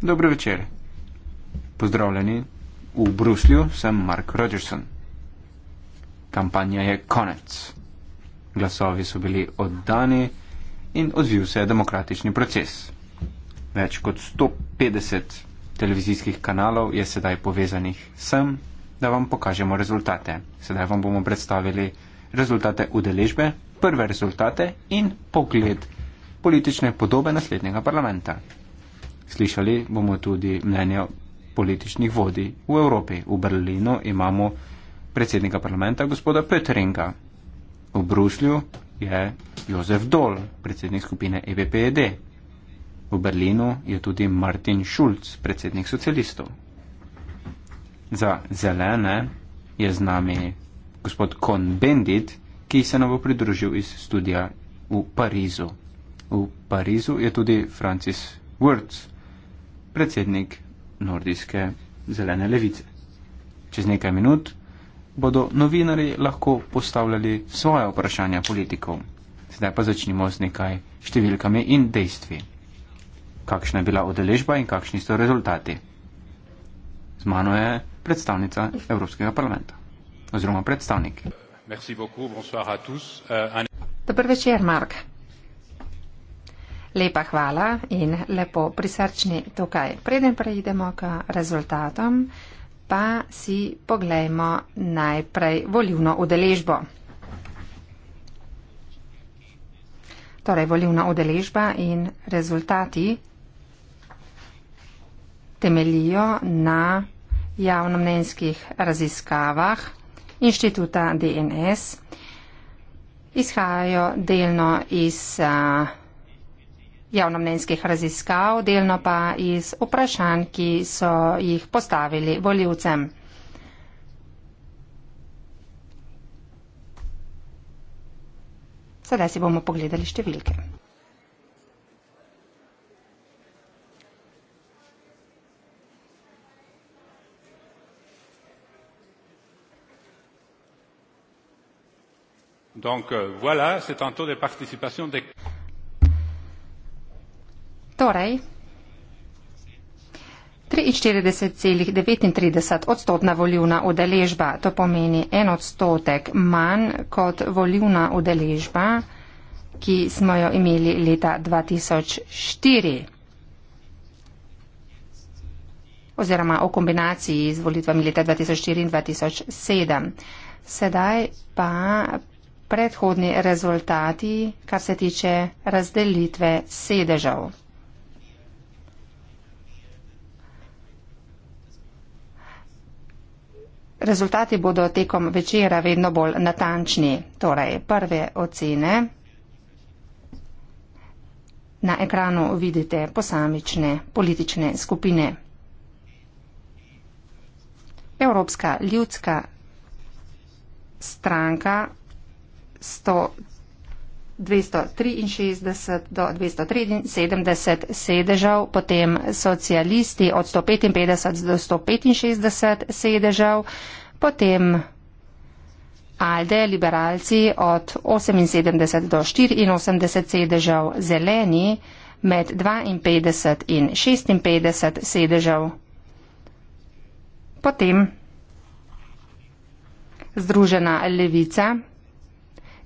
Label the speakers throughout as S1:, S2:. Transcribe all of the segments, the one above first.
S1: Dobro večer. Pozdravljeni v Bruslju, sem Mark Rogerson. Kampanja je konec. Glasovi so bili oddani in odvil se je demokratični proces. Več kot 150 televizijskih kanalov je sedaj povezanih sem, da vam pokažemo rezultate. Sedaj vam bomo predstavili rezultate udeležbe, prve rezultate in pogled. Okay politične podobe naslednjega parlamenta. Slišali bomo tudi mnenje političnih vodij v Evropi. V Berlinu imamo predsednika parlamenta gospoda Petringa. V Bruslju je Jozef Dol, predsednik skupine EBPED. V Berlinu je tudi Martin Schulz, predsednik socialistov. Za zelene je z nami gospod Kon Bendit, ki se nam bo pridružil iz studija v Parizu v Parizu je tudi Francis Wurz, predsednik nordijske zelene levice. Čez nekaj minut bodo novinari lahko postavljali svoje vprašanja politikov. Sedaj pa začnimo z nekaj številkami in dejstvi. Kakšna je bila odeležba in kakšni so rezultati? Z mano je predstavnica Evropskega parlamenta oziroma predstavnik.
S2: Euh,
S3: Dobro večer, Mark. Lepa hvala in lepo prisrčni tukaj. Preden preidemo k rezultatom, pa si poglejmo najprej volivno udeležbo. Torej, volivna udeležba in rezultati temelijo na javnomnenjskih raziskavah inštituta DNS. Izhajajo delno iz. Uh, javnomnenjskih raziskav, delno pa iz vprašanj, ki so jih postavili voljivcem. Sedaj si bomo pogledali številke.
S2: Donc, euh, voilà,
S3: torej 43,39 odstotna volivna udeležba. To pomeni en odstotek manj kot volivna udeležba, ki smo jo imeli leta 2004 oziroma o kombinaciji z volitvami leta 2004 in 2007. Sedaj pa predhodni rezultati, kar se tiče razdelitve sedežev. rezultati bodo tekom večera vedno bolj natančni. Torej, prve ocene. Na ekranu vidite posamične politične skupine. Evropska ljudska stranka 263 do 273 sedežev, potem socialisti od 155 do 165 sedežev. Potem Alde, liberalci od 78 do 84 sedežev, zeleni med 52 in 56 sedežev. Potem Združena levica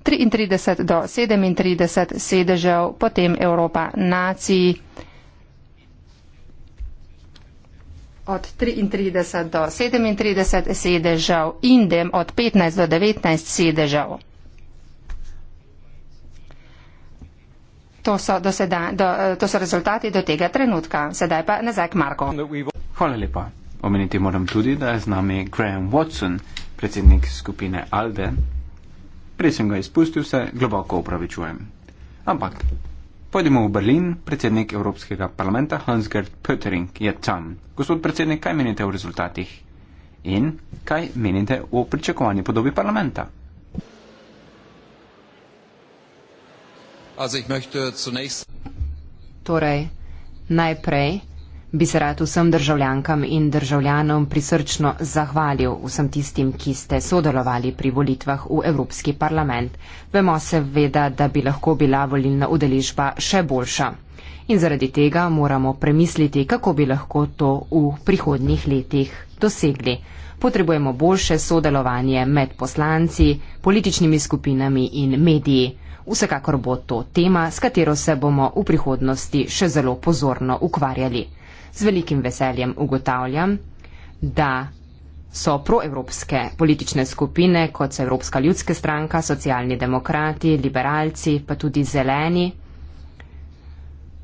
S3: 33 do 37 sedežev, potem Evropa nacij od 33 do 37 sedežev, Indem od 15 do 19 sedežev. To so, do sedaj, do, to so rezultati do tega trenutka. Sedaj pa nazaj k Marko.
S1: Hvala lepa. Omeniti moram tudi, da je z nami Graham Watson, predsednik skupine ALDE. Prej sem ga izpustil, se globoko upravičujem. Ampak Pojdimo v Berlin, predsednik Evropskega parlamenta Hans-Gert Pöttering je tam. Gospod predsednik, kaj menite o rezultatih? In kaj menite o pričakovanju podobi parlamenta?
S4: Torej, najprej bi se rad vsem državljankam in državljanom prisrčno zahvalil vsem tistim, ki ste sodelovali pri volitvah v Evropski parlament. Vemo seveda, da bi lahko bila volilna udeležba še boljša. In zaradi tega moramo premisliti, kako bi lahko to v prihodnjih letih dosegli. Potrebujemo boljše sodelovanje med poslanci, političnimi skupinami in mediji. Vsekakor bo to tema, s katero se bomo v prihodnosti še zelo pozorno ukvarjali z velikim veseljem ugotavljam, da so proevropske politične skupine, kot so Evropska ljudska stranka, socialni demokrati, liberalci, pa tudi zeleni,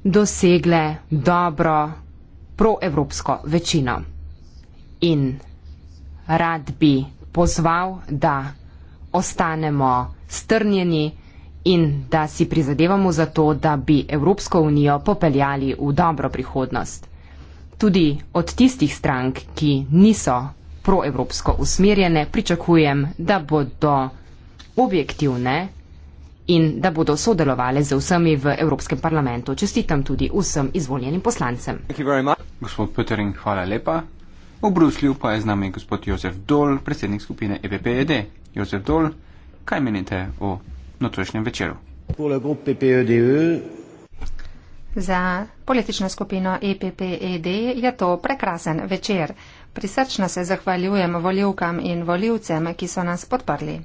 S4: dosegle dobro proevropsko večino. In rad bi pozval, da ostanemo strnjeni in da si prizadevamo za to, da bi Evropsko unijo popeljali v dobro prihodnost tudi od tistih strank, ki niso proevropsko usmerjene, pričakujem, da bodo objektivne in da bodo sodelovali z vsemi v Evropskem parlamentu. Čestitam tudi vsem izvoljenim poslancem.
S1: Gospod Petering, hvala lepa. V Bruslju pa je z nami gospod Jozef Dol, predsednik skupine EPPED. Jozef Dol, kaj menite o notrošnjem večeru?
S2: Pour le groupe PPEDE,
S3: Za politično skupino EPPED je to prekrasen večer. Prisrčno se zahvaljujem voljivkam in voljivcem, ki so nas podprli.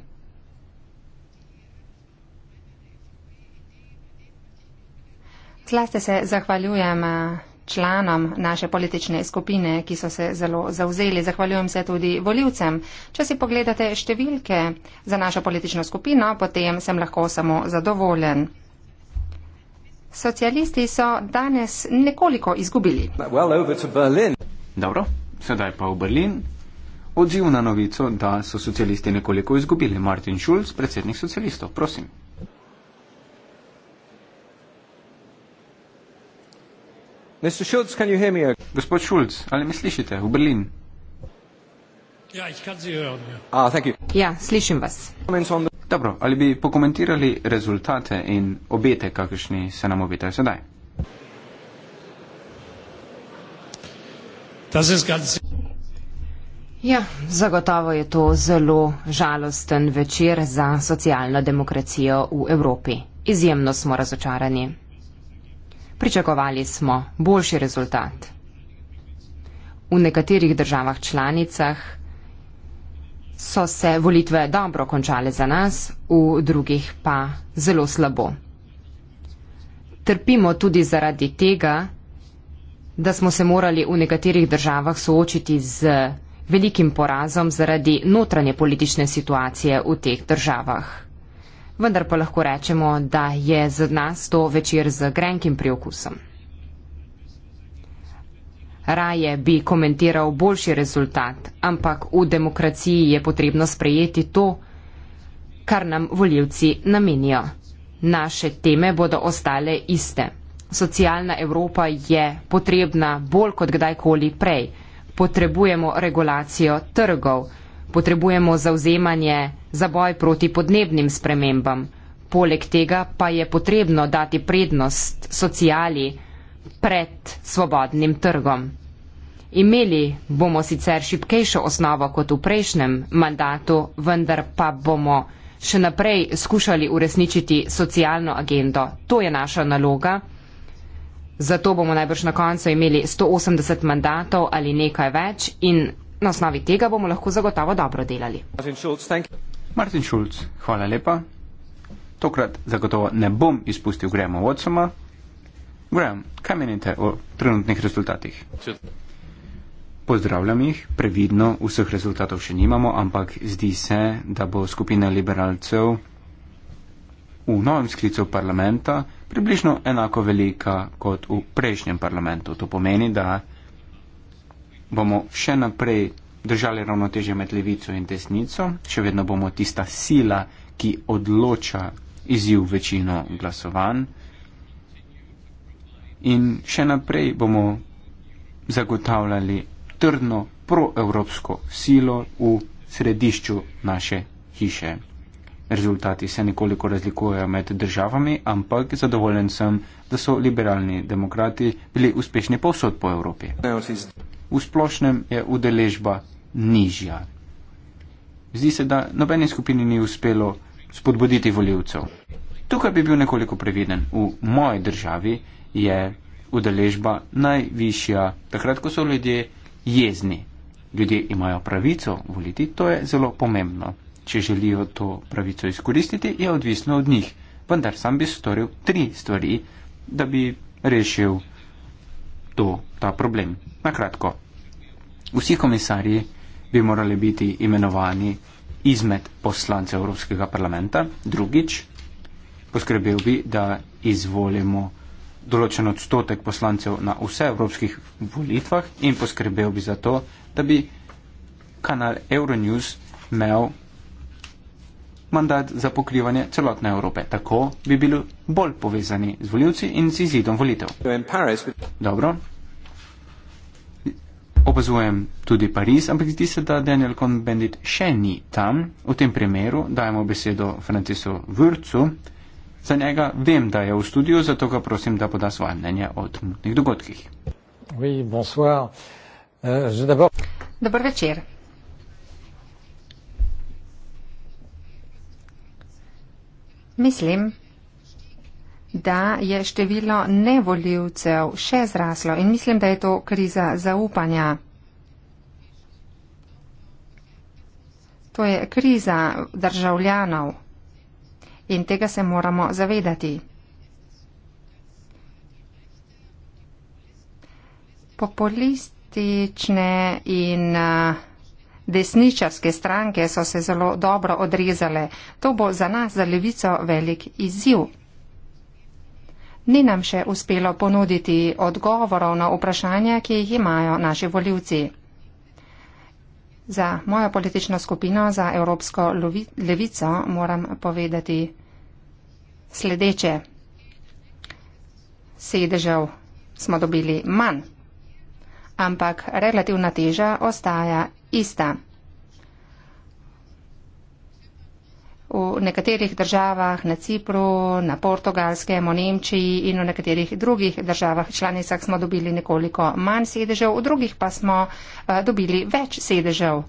S3: Zlasti se zahvaljujem eh, članom naše politične skupine, ki so se zelo zauzeli. Zahvaljujem se tudi voljivcem. Če si pogledate številke za našo politično skupino, potem sem lahko samo zadovoljen socialisti so danes nekoliko izgubili.
S1: Well, Dobro, sedaj pa v Berlin. Odziv na novico, da so socialisti nekoliko izgubili. Martin Schulz, predsednik socialistov, prosim. Schulz, Gospod Schulz, ali me slišite v Berlin?
S2: Ja, ja.
S1: ah, ja slišim vas. Dobro, ali bi pokomentirali rezultate in obete, kakršni se nam obetajo sedaj?
S4: Ja, zagotovo je to zelo žalosten večer za socialno demokracijo v Evropi. Izjemno smo razočarani. Pričakovali smo boljši rezultat. V nekaterih državah članicah so se volitve dobro končale za nas, v drugih pa zelo slabo. Trpimo tudi zaradi tega, da smo se morali v nekaterih državah soočiti z velikim porazom zaradi notranje politične situacije v teh državah. Vendar pa lahko rečemo, da je za nas to večer z grenkim priokusom. Raje bi komentiral boljši rezultat, ampak v demokraciji je potrebno sprejeti to, kar nam voljivci namenijo. Naše teme bodo ostale iste. Socialna Evropa je potrebna bolj kot kdajkoli prej. Potrebujemo regulacijo trgov, potrebujemo zauzemanje za boj proti podnebnim spremembam. Poleg tega pa je potrebno dati prednost socijali, pred svobodnim trgom. Imeli bomo sicer šipkejšo osnovo kot v prejšnjem mandatu, vendar pa bomo še naprej skušali uresničiti socialno agendo. To je naša naloga. Zato bomo najbrž na koncu imeli 180 mandatov ali nekaj več in na osnovi tega bomo lahko zagotovo dobro delali.
S1: Martin Schulz, hvala lepa. Tokrat zagotovo ne bom izpustil Grema Watsona. Graham, kaj menite o trenutnih rezultatih? Pozdravljam jih, previdno, vseh rezultatov še nimamo, ampak zdi se, da bo skupina liberalcev v novem sklicu parlamenta približno enako velika kot v prejšnjem parlamentu. To pomeni, da bomo še naprej držali ravnoteže med levico in desnico, še vedno bomo tista sila, ki odloča izjiv večino glasovanj in še naprej bomo zagotavljali trdno proevropsko silo v središču naše hiše. Rezultati se nekoliko razlikujejo med državami, ampak zadovoljen sem, da so liberalni demokrati bili uspešni povsod po Evropi. V splošnem je udeležba nižja. Zdi se, da nobeni skupini ni uspelo spodbuditi voljivcev. Tukaj bi bil nekoliko previden. V moji državi je udeležba najvišja, takrat, ko so ljudje jezni. Ljudje imajo pravico voliti, to je zelo pomembno. Če želijo to pravico izkoristiti, je odvisno od njih. Vendar sam bi storil tri stvari, da bi rešil to, ta problem. Na kratko, vsi komisarji bi morali biti imenovani izmed poslancev Evropskega parlamenta. Drugič, poskrbel bi, da izvolimo določen odstotek poslancev na vse evropskih volitvah in poskrbel bi za to, da bi kanal Euronews imel mandat za pokrivanje celotne Evrope. Tako bi bili bolj povezani z voljivci in z izidom volitev. Dobro. Opazujem tudi Pariz, ampak zdi se, da Daniel Cohn-Bendit še ni tam. V tem primeru dajemo besedo Francisu Vrcu. Za njega vem, da je v studiu, zato ga prosim, da poda svoje mnenje o trenutnih
S2: dogodkih.
S3: Oui, bonsoir. Uh, je d'abord. Dobro večer. Mislim, da je število nevoljivcev še zraslo in mislim, da je to kriza zaupanja. To je kriza državljanov in tega se moramo zavedati. Populistične in eh, desničarske stranke so se zelo dobro odrezale. To bo za nas, za levico, velik izziv. Ni nam še uspelo ponuditi odgovorov na vprašanja, ki jih imajo naši voljivci. Za mojo politično skupino, za Evropsko levico, moram povedati sledeče. Sedežev smo dobili manj, ampak relativna teža ostaja ista. v nekaterih državah, na Cipru, na Portugalskem, v Nemčiji in v nekaterih drugih državah članicah smo dobili nekoliko manj sedežev, v drugih pa smo eh, dobili več sedežev.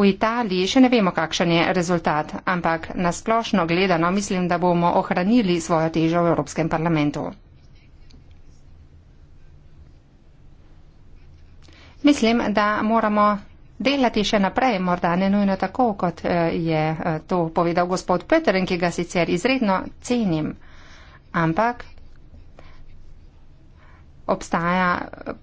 S3: V Italiji še ne vemo, kakšen je rezultat, ampak nasplošno gledano mislim, da bomo ohranili svojo težo v Evropskem parlamentu. Mislim, da moramo delati še naprej, morda ne nujno tako, kot eh, je eh, to povedal gospod Petren, ki ga sicer izredno cenim. Ampak obstaja eh,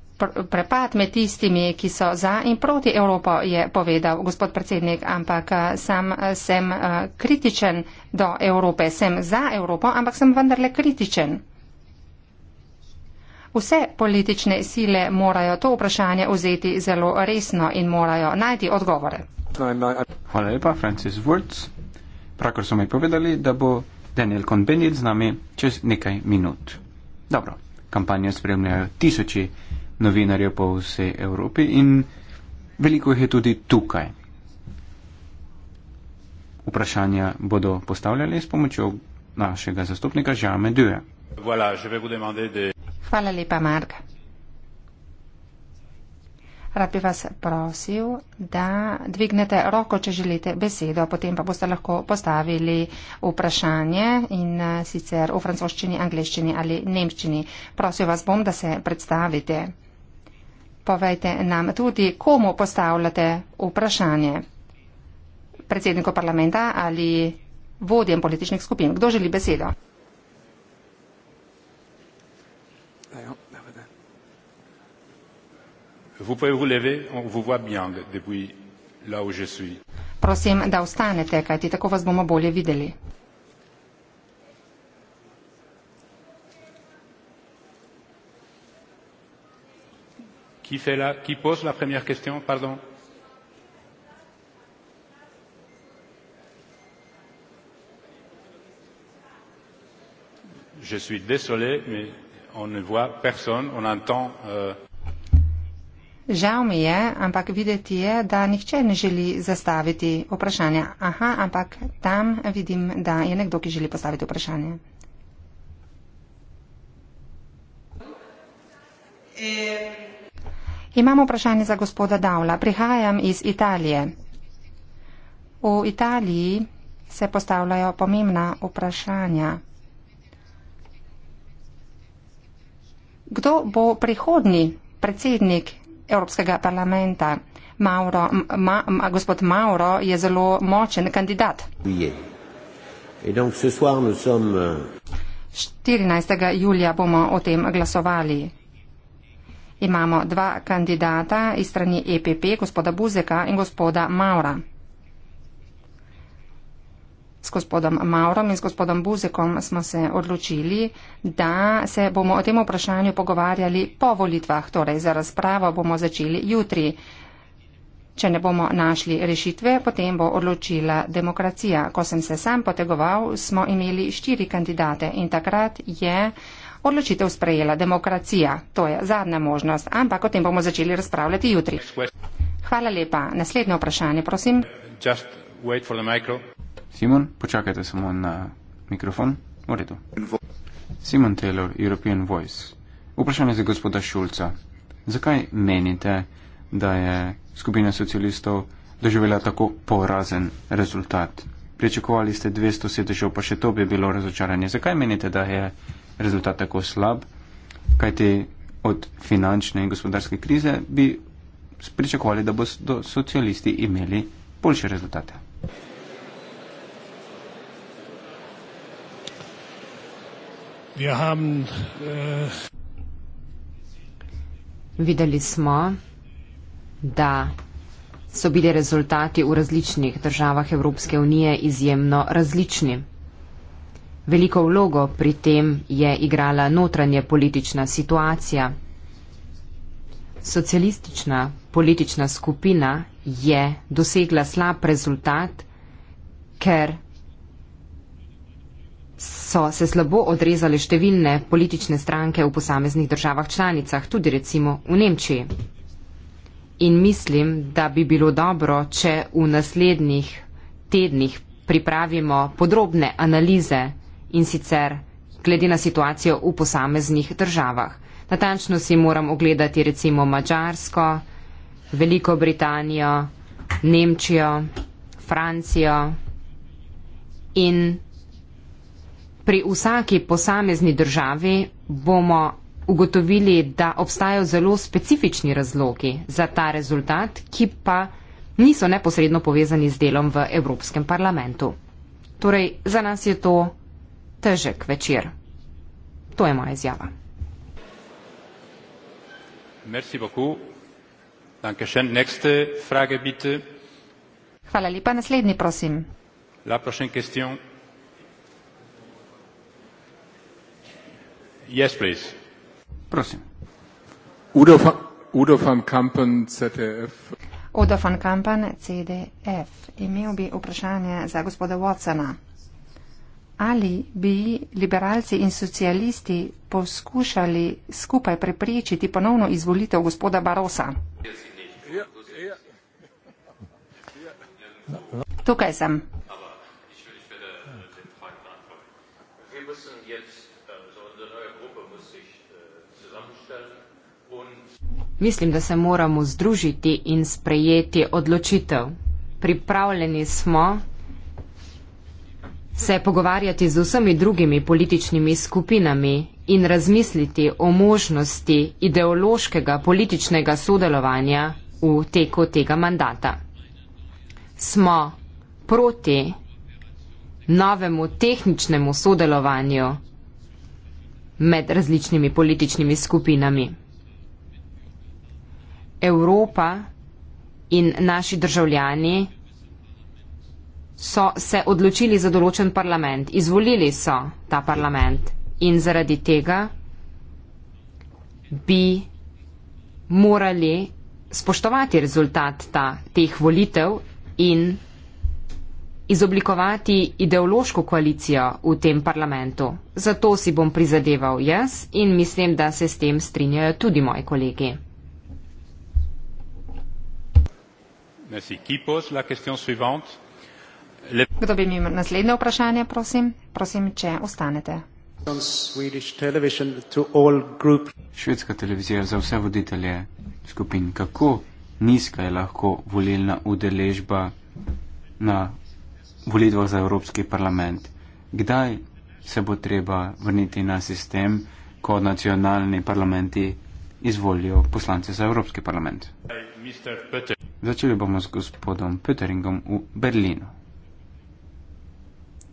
S3: prepad med tistimi, ki so za in proti Evropo, je povedal gospod predsednik, ampak sam sem kritičen do Evrope, sem za Evropo, ampak sem vendarle kritičen. Vse politične sile morajo to vprašanje vzeti zelo resno in morajo najti odgovore.
S1: Hvala lepa, Francis Wurz. Prakor so mi povedali, da bo Daniel Cohn-Bendit z nami čez nekaj minut. Dobro, kampanjo spremljajo tisoči novinarjev po vsej Evropi in veliko jih je tudi tukaj. Vprašanja bodo postavljali s pomočjo našega zastopnika Žame Due.
S2: Voilà, je vais vous demander de...
S3: Hvala lepa, Mark. Rad bi vas prosil, da dvignete roko, če želite besedo, potem pa boste lahko postavili vprašanje in eh, sicer v francoščini, angliščini ali nemščini. Prosil vas bom, da se predstavite. Povejte nam tudi, komu postavljate vprašanje. Predsedniku parlamenta ali vodjem političnih skupin. Kdo želi besedo?
S2: Vous pouvez vous lever, on vous voit bien depuis là où je suis.
S3: Prosim, da ostanete, kajti tako vas bomo bolje videli.
S2: Qui fait la qui pose la première question, pardon? Je suis désolé, mais on ne voit personne, on entend euh,
S3: Žal mi je, ampak videti je, da nihče ne želi zastaviti vprašanja. Aha, ampak tam vidim, da je nekdo, ki želi postaviti vprašanje. Eh. Imamo vprašanje za gospoda Davla. Prihajam iz Italije. V Italiji se postavljajo pomembna vprašanja. Kdo bo prihodni predsednik Evropskega parlamenta. Mauro, ma, ma, gospod Mauro je zelo močen kandidat. 14. Euh, julija bomo o tem glasovali. Imamo dva kandidata iz strani EPP, gospoda Buzeka in gospoda Maura. S gospodom Maurom in s gospodom Buzekom smo se odločili, da se bomo o tem vprašanju pogovarjali po volitvah, torej za razpravo bomo začeli jutri. Če ne bomo našli rešitve, potem bo odločila demokracija. Ko sem se sam potegoval, smo imeli štiri kandidate in takrat je odločitev sprejela demokracija. To je zadnja možnost, ampak o tem bomo začeli razpravljati jutri. Hvala lepa. Naslednje vprašanje, prosim.
S2: Just Wait for the micro.
S1: Simon, počakajte samo na mikrofon. V redu. Simon Taylor, European Voice. Vprašanje za gospoda Šulca. Zakaj menite, da je skupina socialistov doživela tako porazen rezultat? Pričakovali ste 200 sedežev, pa še to bi bilo razočaranje. Zakaj menite, da je rezultat tako slab? Kaj ti od finančne in gospodarske krize bi pričakovali, da bodo socialisti imeli boljše rezultate?
S2: Äh,
S4: Videli smo, da so bili rezultati v različnih državah Evropske unije izjemno različni. Veliko vlogo pri tem je igrala notranje politična situacija. Socialistična politična skupina je dosegla slab rezultat, ker so se slabo odrezale številne politične stranke v posameznih državah članicah, tudi recimo v Nemčiji. In mislim, da bi bilo dobro, če v naslednjih tednih pripravimo podrobne analize in sicer glede na situacijo v posameznih državah. Natančno si moram ogledati recimo Mačarsko, Veliko Britanijo, Nemčijo, Francijo in pri vsaki posamezni državi bomo ugotovili, da obstajajo zelo specifični razlogi za ta rezultat, ki pa niso neposredno povezani z delom v Evropskem parlamentu. Torej, za nas je to težek večer. To je moja izjava.
S2: Merci beaucoup. Dankeschön. Nächste Frage, bitte.
S3: Hvala lepa. Naslednji, prosim.
S2: La prochaine question. Yes, please. Prosim. Udo van, Udo van Kampen, ZDF.
S3: Udo van Kampen, CDF. Imel bi vprašanje za gospoda Watsona. Ali bi liberalci in socialisti poskušali skupaj preprečiti ponovno izvolitev gospoda Barosa? Tukaj sem.
S4: Mislim, da se moramo združiti in sprejeti odločitev. Pripravljeni smo se pogovarjati z vsemi drugimi političnimi skupinami in razmisliti o možnosti ideološkega političnega sodelovanja v teku tega mandata. Smo proti novemu tehničnemu sodelovanju med različnimi političnimi skupinami. Evropa in naši državljani so se odločili za določen parlament, izvolili so ta parlament in zaradi tega bi morali spoštovati rezultat ta, teh volitev in izoblikovati ideološko koalicijo v tem parlamentu. Zato si bom prizadeval jaz in mislim, da se s tem strinjajo tudi moji kolegi.
S2: Merci. Qui pose la question suivante? Lep.
S3: Kdo bi imel naslednje vprašanje, prosim? Prosim, če ostanete.
S2: Švedska
S1: televizija za vse voditelje skupin. Kako nizka je lahko volilna udeležba na volitvah za Evropski parlament? Kdaj se bo treba vrniti na sistem, ko nacionalni parlamenti izvolijo poslance za Evropski parlament? Začeli bomo z gospodom Pöteringom v Berlinu.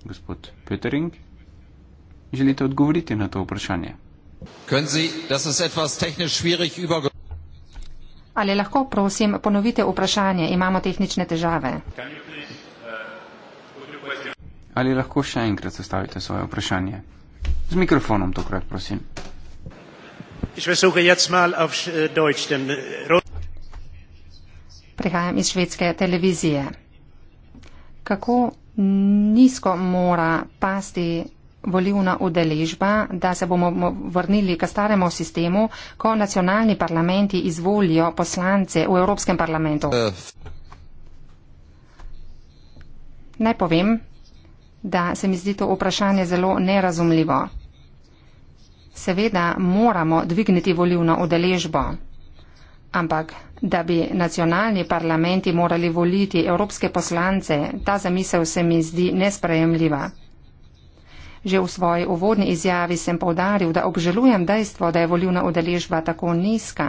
S1: Gospod Petering, želite odgovoriti na to vprašanje?
S3: Ali lahko, prosim, ponovite vprašanje? Imamo tehnične težave.
S1: Ali lahko še enkrat zastavite svoje vprašanje? Z mikrofonom tokrat, prosim.
S3: Äh, äh, Prihajam iz švedske televizije. Kako nizko mora pasti volivna udeležba, da se bomo vrnili k staremu sistemu, ko nacionalni parlamenti izvolijo poslance v Evropskem parlamentu. Eh. Naj povem, da se mi zdi to vprašanje zelo nerazumljivo. Seveda moramo dvigniti volivno udeležbo. Ampak, da bi nacionalni parlamenti morali voliti evropske poslance, ta zamisel se mi zdi nesprejemljiva. Že v svoji uvodni izjavi sem povdaril, da obžalujem dejstvo, da je volivna udeležba tako nizka.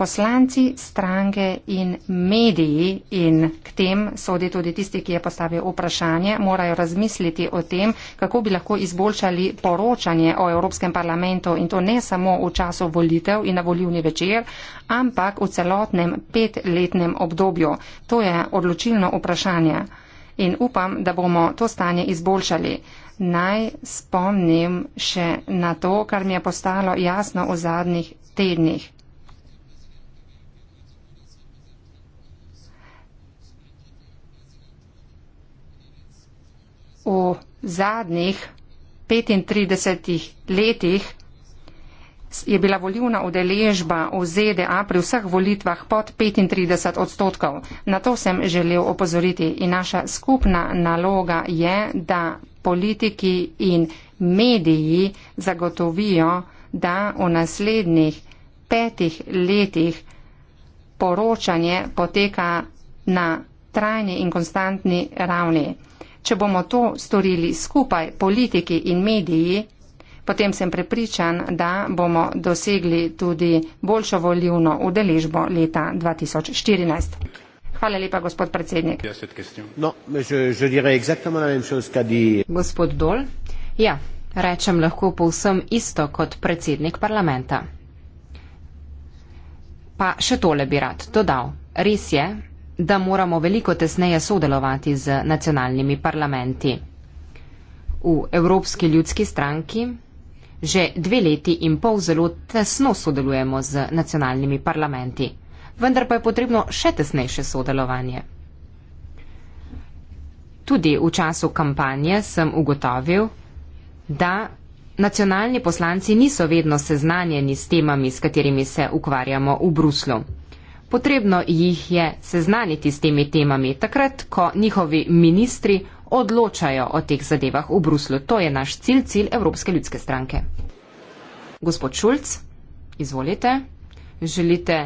S3: Poslanci, stranke in mediji in k tem sodi tudi tisti, ki je postavil vprašanje, morajo razmisliti o tem, kako bi lahko izboljšali poročanje o Evropskem parlamentu in to ne samo v času volitev in na volivni večer, ampak v celotnem petletnem obdobju. To je odločilno vprašanje. In upam, da bomo to stanje izboljšali naj spomnim še na to, kar mi je postalo jasno v zadnjih tednih. V zadnjih 35 letih je bila volivna udeležba v ZDA pri vseh volitvah pod 35 odstotkov. Na to sem želel opozoriti in naša skupna naloga je, da politiki in mediji zagotovijo, da v naslednjih petih letih poročanje poteka na trajni in konstantni ravni. Če bomo to storili skupaj, politiki in mediji, potem sem prepričan, da bomo dosegli tudi boljšo volivno udeležbo leta 2014. Hvala lepa, gospod
S4: predsednik.
S2: No, že, že dirajo exactno la même chose, kadi. Gospod Dol,
S4: ja, rečem lahko povsem isto kot predsednik parlamenta. Pa še tole bi rad dodal. Res je, da moramo veliko tesneje sodelovati z nacionalnimi parlamenti. V Evropski ljudski stranki že dve leti in pol zelo tesno sodelujemo z nacionalnimi parlamenti vendar pa je potrebno še tesnejše sodelovanje. Tudi v času kampanje sem ugotovil, da nacionalni poslanci niso vedno seznanjeni s temami, s katerimi se ukvarjamo v Bruslu. Potrebno jih je seznaniti s temi temami takrat, ko njihovi ministri odločajo o teh zadevah v Bruslu. To je naš cilj, cilj Evropske ljudske stranke. Gospod Šulc, izvolite. Želite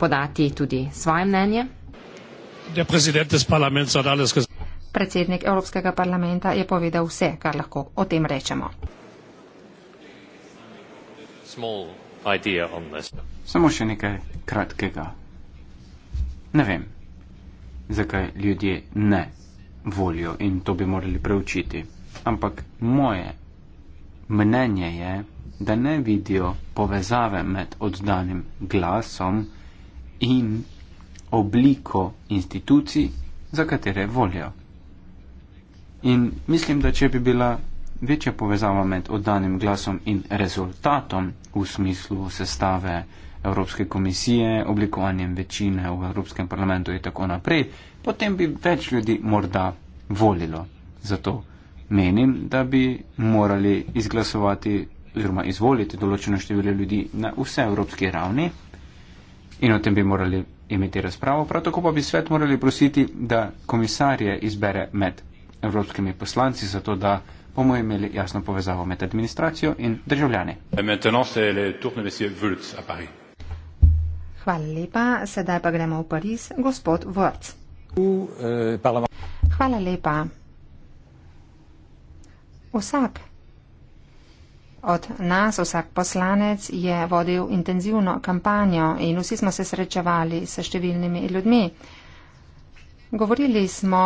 S4: podati tudi svoje mnenje.
S3: Predsednik Evropskega parlamenta je povedal vse, kar lahko o tem rečemo.
S1: Samo še nekaj kratkega. Ne vem, zakaj ljudje ne volijo in to bi morali preučiti. Ampak moje mnenje je, da ne vidijo povezave med oddanim glasom, in obliko institucij, za katere volijo. In mislim, da če bi bila večja povezava med oddanim glasom in rezultatom v smislu sestave Evropske komisije, oblikovanjem večine v Evropskem parlamentu in tako naprej, potem bi več ljudi morda volilo. Zato menim, da bi morali izglasovati oziroma izvoliti določeno število ljudi na vse evropski ravni in o tem bi morali imeti razpravo. Prav tako pa bi svet morali prositi, da komisarje izbere med evropskimi poslanci, zato da bomo imeli
S2: jasno povezavo med administracijo in državljani.
S3: Hvala lepa, sedaj pa gremo v Pariz, gospod Vrc.
S2: Eh,
S3: Hvala lepa. Vsak Od nas vsak poslanec je vodil intenzivno kampanjo in vsi smo se srečevali s številnimi ljudmi. Govorili smo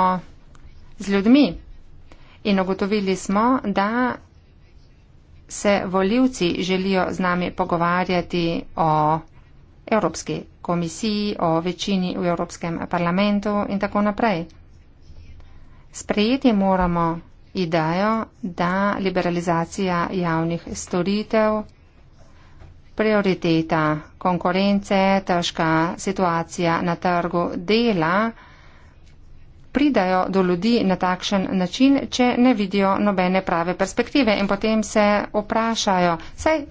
S3: z ljudmi in ugotovili smo, da se voljivci želijo z nami pogovarjati o Evropski komisiji, o večini v Evropskem parlamentu in tako naprej. Sprejeti moramo idejo, da liberalizacija javnih storitev, prioriteta konkurence, težka situacija na trgu dela pridajo do ljudi na takšen način, če ne vidijo nobene prave perspektive in potem se vprašajo, saj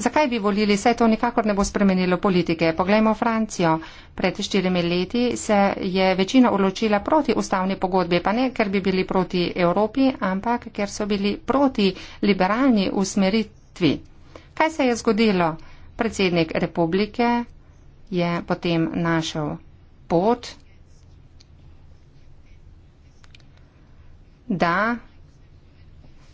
S3: Zakaj bi volili, saj to nikakor ne bo spremenilo politike? Poglejmo Francijo. Pred štirimi leti se je večina odločila proti ustavni pogodbi, pa ne ker bi bili proti Evropi, ampak ker so bili proti liberalni usmeritvi. Kaj se je zgodilo? Predsednik republike je potem našel pot, da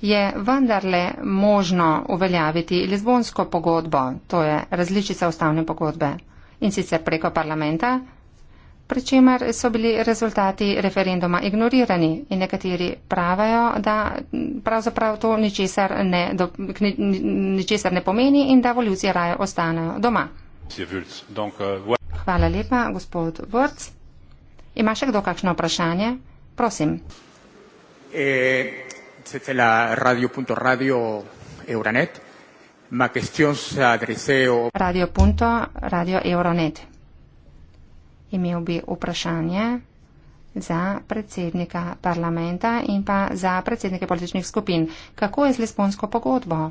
S3: je vendarle možno uveljaviti Lizbonsko pogodbo, to je različica ustavne pogodbe, in sicer preko parlamenta, pri čemer so bili rezultati referenduma ignorirani in nekateri pravijo, da pravzaprav to ničesar ne, do, ni, ničesar ne pomeni in da voljivci raje ostanejo doma. Hvala lepa, gospod Vrc. Ima še kdo kakšno vprašanje? Prosim.
S2: E la radio punto radio euronet ma question s'adresseo
S3: radio punto radio euronet imel bi vprašanje za predsednika parlamenta in pa za predsednike političnih skupin. Kako je z Lisbonsko pogodbo?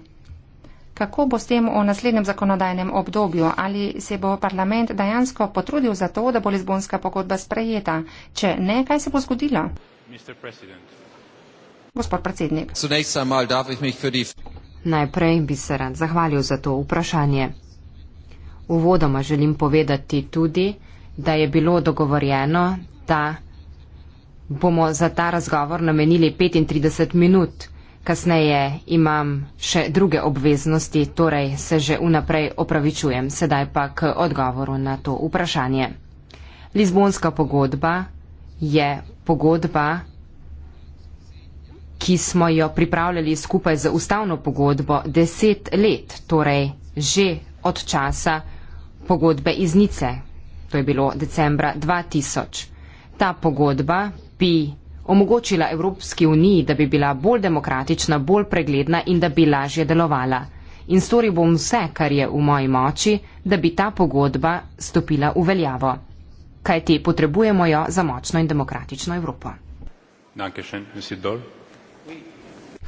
S3: Kako bo s tem v naslednjem zakonodajnem obdobju? Ali se bo parlament dejansko potrudil za to, da bo Lisbonska pogodba sprejeta? Če
S4: ne, kaj se bo zgodilo? gospod predsednik. Najprej bi se rad zahvalil za to vprašanje. Uvodoma želim povedati tudi, da je bilo dogovorjeno, da bomo za ta razgovor namenili 35 minut. Kasneje imam še druge obveznosti, torej se že unaprej opravičujem. Sedaj pa k odgovoru na to vprašanje. Lizbonska pogodba je pogodba ki smo jo pripravljali skupaj z ustavno pogodbo deset let, torej že od časa pogodbe iz Nice. To je bilo decembra 2000. Ta pogodba bi omogočila Evropski uniji, da bi bila bolj demokratična, bolj pregledna in da bi lažje delovala. In storil bom vse, kar je v moji moči, da bi ta pogodba stopila v veljavo. Kaj te potrebujemo jo za močno in demokratično Evropo?
S2: Danke schön, Monsieur Doll.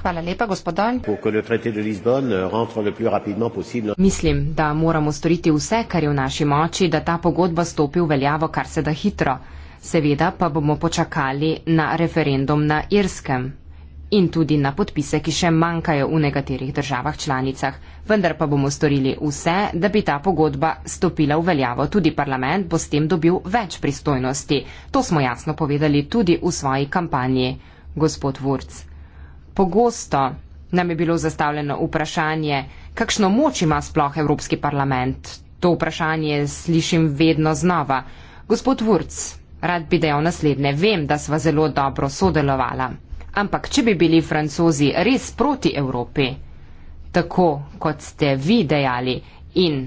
S4: Hvala lepa, gospodar. Euh, Mislim, da moramo storiti vse, kar je v naši moči, da ta pogodba stopi v veljavo kar se da hitro. Seveda pa bomo počakali na referendum na Irskem in tudi na podpise, ki še manjkajo v nekaterih državah članicah. Vendar pa bomo storili vse, da bi ta pogodba stopila v veljavo. Tudi parlament bo s tem dobil več pristojnosti. To smo jasno povedali tudi v svoji kampanji. Gospod Vurc. Pogosto nam je bilo zastavljeno vprašanje, kakšno moč ima sploh Evropski parlament. To vprašanje slišim vedno znova. Gospod Vurc, rad bi dejal naslednje. Vem, da sva zelo dobro sodelovala. Ampak, če bi bili francozi res proti Evropi, tako kot ste vi dejali, in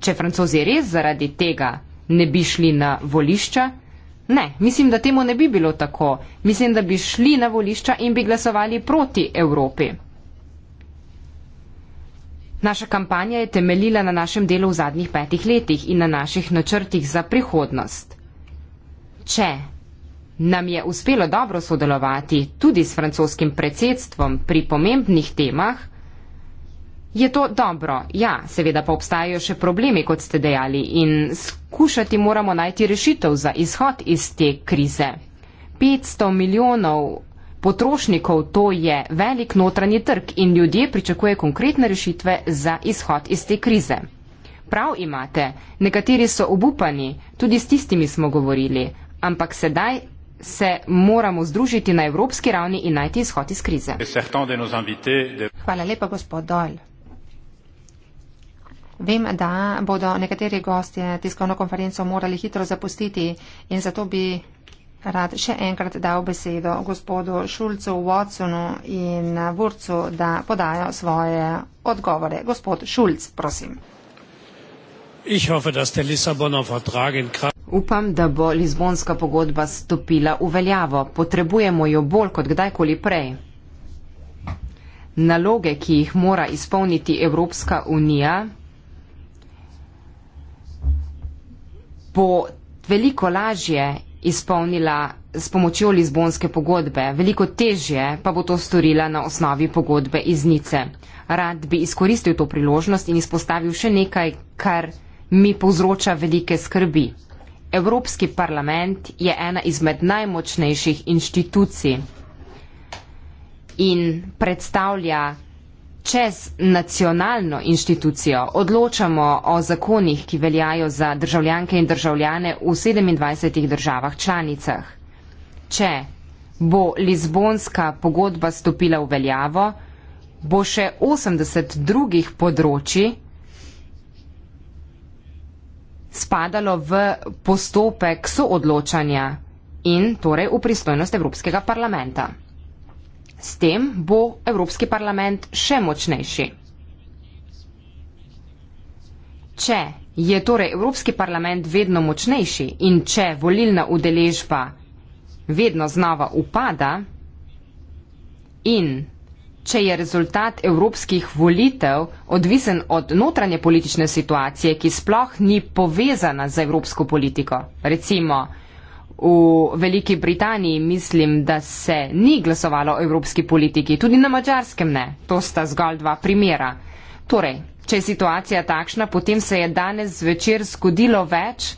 S4: če francozi res zaradi tega ne bi šli na volišča, Ne, mislim, da temu ne bi bilo tako. Mislim, da bi šli na volišča in bi glasovali proti Evropi. Naša kampanja je temeljila na našem delu v zadnjih petih letih in na naših načrtih za prihodnost. Če nam je uspelo dobro sodelovati tudi s francoskim predsedstvom pri pomembnih temah, Je to dobro, ja, seveda pa obstajajo še problemi, kot ste dejali, in skušati moramo najti rešitev za izhod iz te krize. 500 milijonov potrošnikov to je velik notranji trg in ljudje pričakuje konkretne rešitve za izhod iz te krize. Prav imate, nekateri so obupani, tudi s tistimi smo govorili, ampak sedaj se moramo združiti na evropski ravni in najti izhod iz krize. Hvala lepa, gospod Dol. Vem, da bodo
S3: nekateri gostje tiskovno konferenco morali hitro zapustiti in zato bi rad še enkrat dal besedo gospodu Šulcu, Watsonu in Vurcu, da podajo svoje odgovore. Gospod Šulc, prosim.
S4: Upam, da bo Lizbonska pogodba stopila v veljavo. Potrebujemo jo bolj kot kdajkoli prej. Naloge, ki jih mora izpolniti Evropska unija, bo veliko lažje izpolnila s pomočjo Lizbonske pogodbe, veliko težje pa bo to storila na osnovi pogodbe iz Nice. Rad bi izkoristil to priložnost in izpostavil še nekaj, kar mi povzroča velike skrbi. Evropski parlament je ena izmed najmočnejših inštitucij in predstavlja čez nacionalno inštitucijo odločamo o zakonih, ki veljajo za državljanke in državljane v 27 državah članicah. Če bo Lizbonska pogodba stopila v veljavo, bo še 80 drugih področji spadalo v postopek soodločanja in torej v pristojnost Evropskega parlamenta. S tem bo Evropski parlament še močnejši. Če je torej Evropski parlament vedno močnejši in če volilna udeležba vedno znova upada in če je rezultat evropskih volitev odvisen od notranje politične situacije, ki sploh ni povezana z evropsko politiko, recimo, V Veliki Britaniji mislim, da se ni glasovalo o evropski politiki, tudi na mačarskem ne. To sta zgolj dva primera. Torej, če je situacija takšna, potem se je danes zvečer zgodilo več,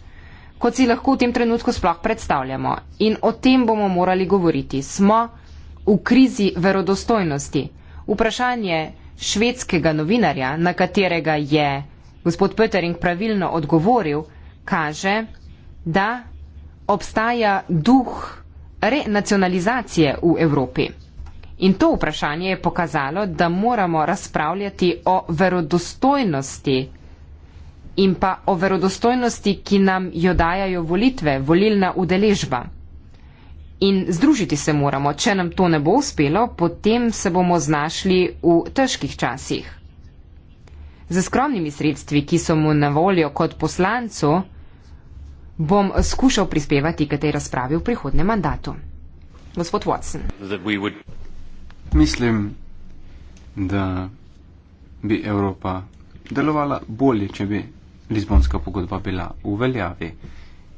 S4: kot si lahko v tem trenutku sploh predstavljamo. In o tem bomo morali govoriti. Smo v krizi verodostojnosti. Vprašanje švedskega novinarja, na katerega je gospod Petering pravilno odgovoril, kaže, da obstaja duh renacionalizacije v Evropi. In to vprašanje je pokazalo, da moramo razpravljati o verodostojnosti in pa o verodostojnosti, ki nam jo dajajo volitve, volilna udeležba. In združiti se moramo, če nam to ne bo uspelo, potem se bomo znašli v težkih časih. Za skromnimi sredstvi, ki so mu na voljo kot poslancu, bom skušal prispevati k tej razpravi v prihodnem mandatu. Gospod Watson.
S1: Mislim, da bi Evropa delovala bolje, če bi Lizbonska pogodba bila v veljavi.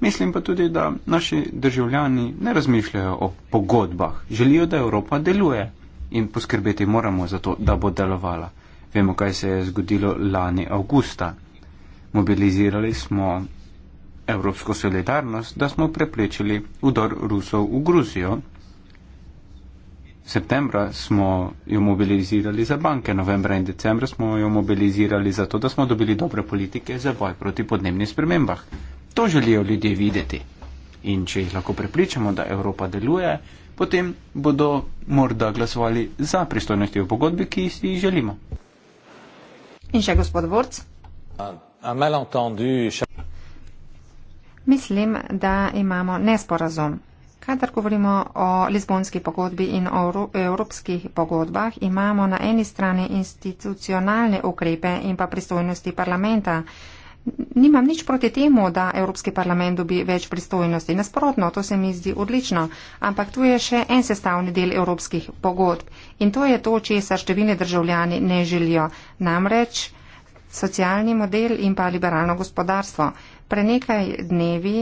S1: Mislim pa tudi, da naši državljani ne razmišljajo o pogodbah. Želijo, da Evropa deluje in poskrbeti moramo za to, da bo delovala. Vemo, kaj se je zgodilo lani avgusta. Mobilizirali smo evropsko solidarnost, da smo preprečili udor Rusov v Gruzijo. Septembra smo jo mobilizirali za banke, novembra in decembra smo jo mobilizirali za to, da smo dobili dobre politike za boj proti podnebnih spremembah. To želijo ljudje videti. In če jih lahko prepričamo, da Evropa deluje, potem bodo morda glasovali za pristojnosti v pogodbi, ki
S2: si jih želimo.
S3: In še gospod Vorc. Mislim, da imamo nesporazum. Kadar govorimo o Lizbonski pogodbi in o evropskih pogodbah, imamo na eni strani institucionalne ukrepe in pa pristojnosti parlamenta. Nimam nič proti temu, da Evropski parlament dobi več pristojnosti. Nasprotno, to se mi zdi odlično. Ampak tu je še en sestavni del evropskih pogodb in to je to, česar številni državljani ne želijo. Namreč socialni model in pa liberalno gospodarstvo. Pre nekaj dnevi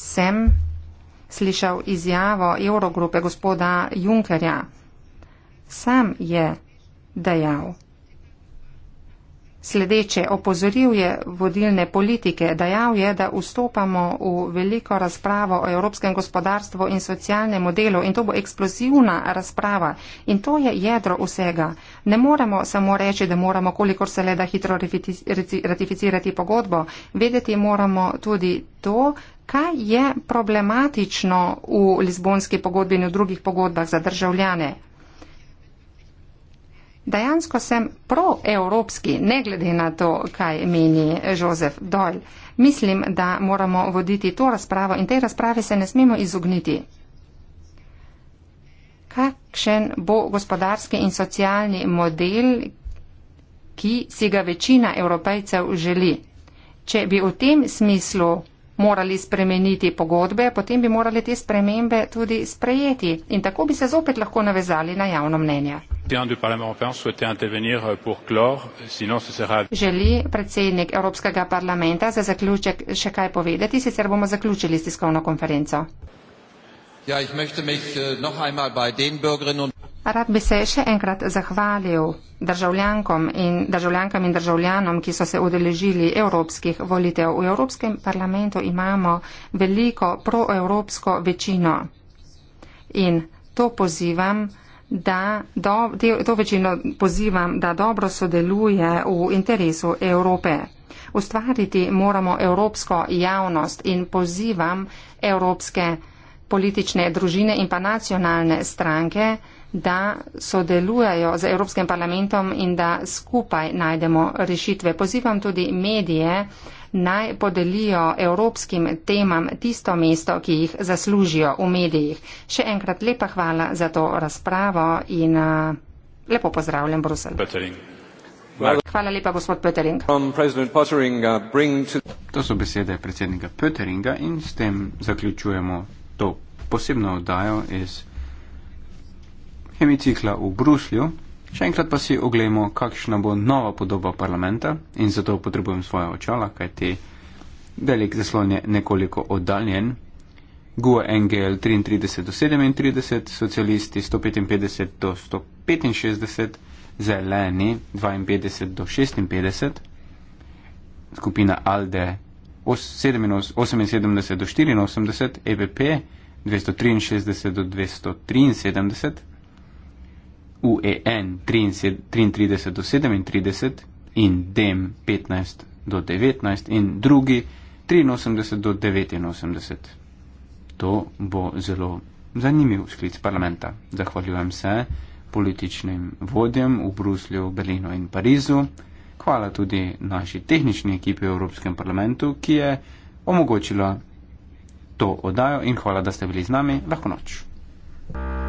S3: sem slišal izjavo Eurogrupe gospoda Junkerja. Sam je dejal, Sledeče opozoril je vodilne politike, dejal je, da vstopamo v veliko razpravo o evropskem gospodarstvu in socialnem modelu in to bo eksplozivna razprava in to je jedro vsega. Ne moremo samo reči, da moramo kolikor se le da hitro ratificirati pogodbo, vedeti moramo tudi to, kaj je problematično v Lizbonski pogodbi in v drugih pogodbah za državljane. Dejansko sem proevropski, ne glede na to, kaj meni Jozef Dojl. Mislim, da moramo voditi to razpravo in tej razpravi se ne smemo izogniti. Kakšen bo gospodarski in socialni model, ki si ga večina evropejcev želi? Če bi v tem smislu morali spremeniti pogodbe, potem bi morali te spremembe tudi sprejeti in tako bi se zopet lahko navezali na javno mnenje.
S2: Euh, Želi
S3: predsednik Evropskega parlamenta za zaključek še kaj povedati, sicer bomo zaključili s tiskovno konferenco.
S2: Ja, äh,
S3: Rad bi se še enkrat zahvalil državljankom in državljankam in državljanom, ki so se udeležili evropskih volitev. V Evropskem parlamentu imamo veliko proevropsko večino in to pozivam da do, to večino pozivam, da dobro sodeluje v interesu Evrope. Ustvariti moramo evropsko javnost in pozivam evropske politične družine in pa nacionalne stranke, da sodelujajo z Evropskim parlamentom in da skupaj najdemo rešitve. Pozivam tudi medije, naj podelijo evropskim temam tisto mesto, ki jih zaslužijo v medijih. Še enkrat lepa hvala za to razpravo in lepo pozdravljam Brusel. Hvala lepa, gospod Pöttering.
S1: Uh, to so besede predsednika Pötteringa in s tem zaključujemo to posebno oddajo iz hemicikla v Bruslju. Še enkrat pa si oglejmo, kakšna bo nova podoba parlamenta in zato potrebujem svoje očala, kajti velik zaslon je nekoliko oddaljen. GUA NGL 33 do 37, socialisti 155 do 165, zeleni 52 do 56, skupina ALDE 78 do 84, EPP 263 do 273. UEN 33 do 37 in DEM 15 do 19 in drugi 83 do 89. To bo zelo zanimiv sklic parlamenta. Zahvaljujem se političnim vodjem v Bruslju, Berlinu in Parizu. Hvala tudi naši tehnični ekipi v Evropskem parlamentu, ki je omogočila to oddajo in hvala, da ste bili z nami. Lahko noč. thank you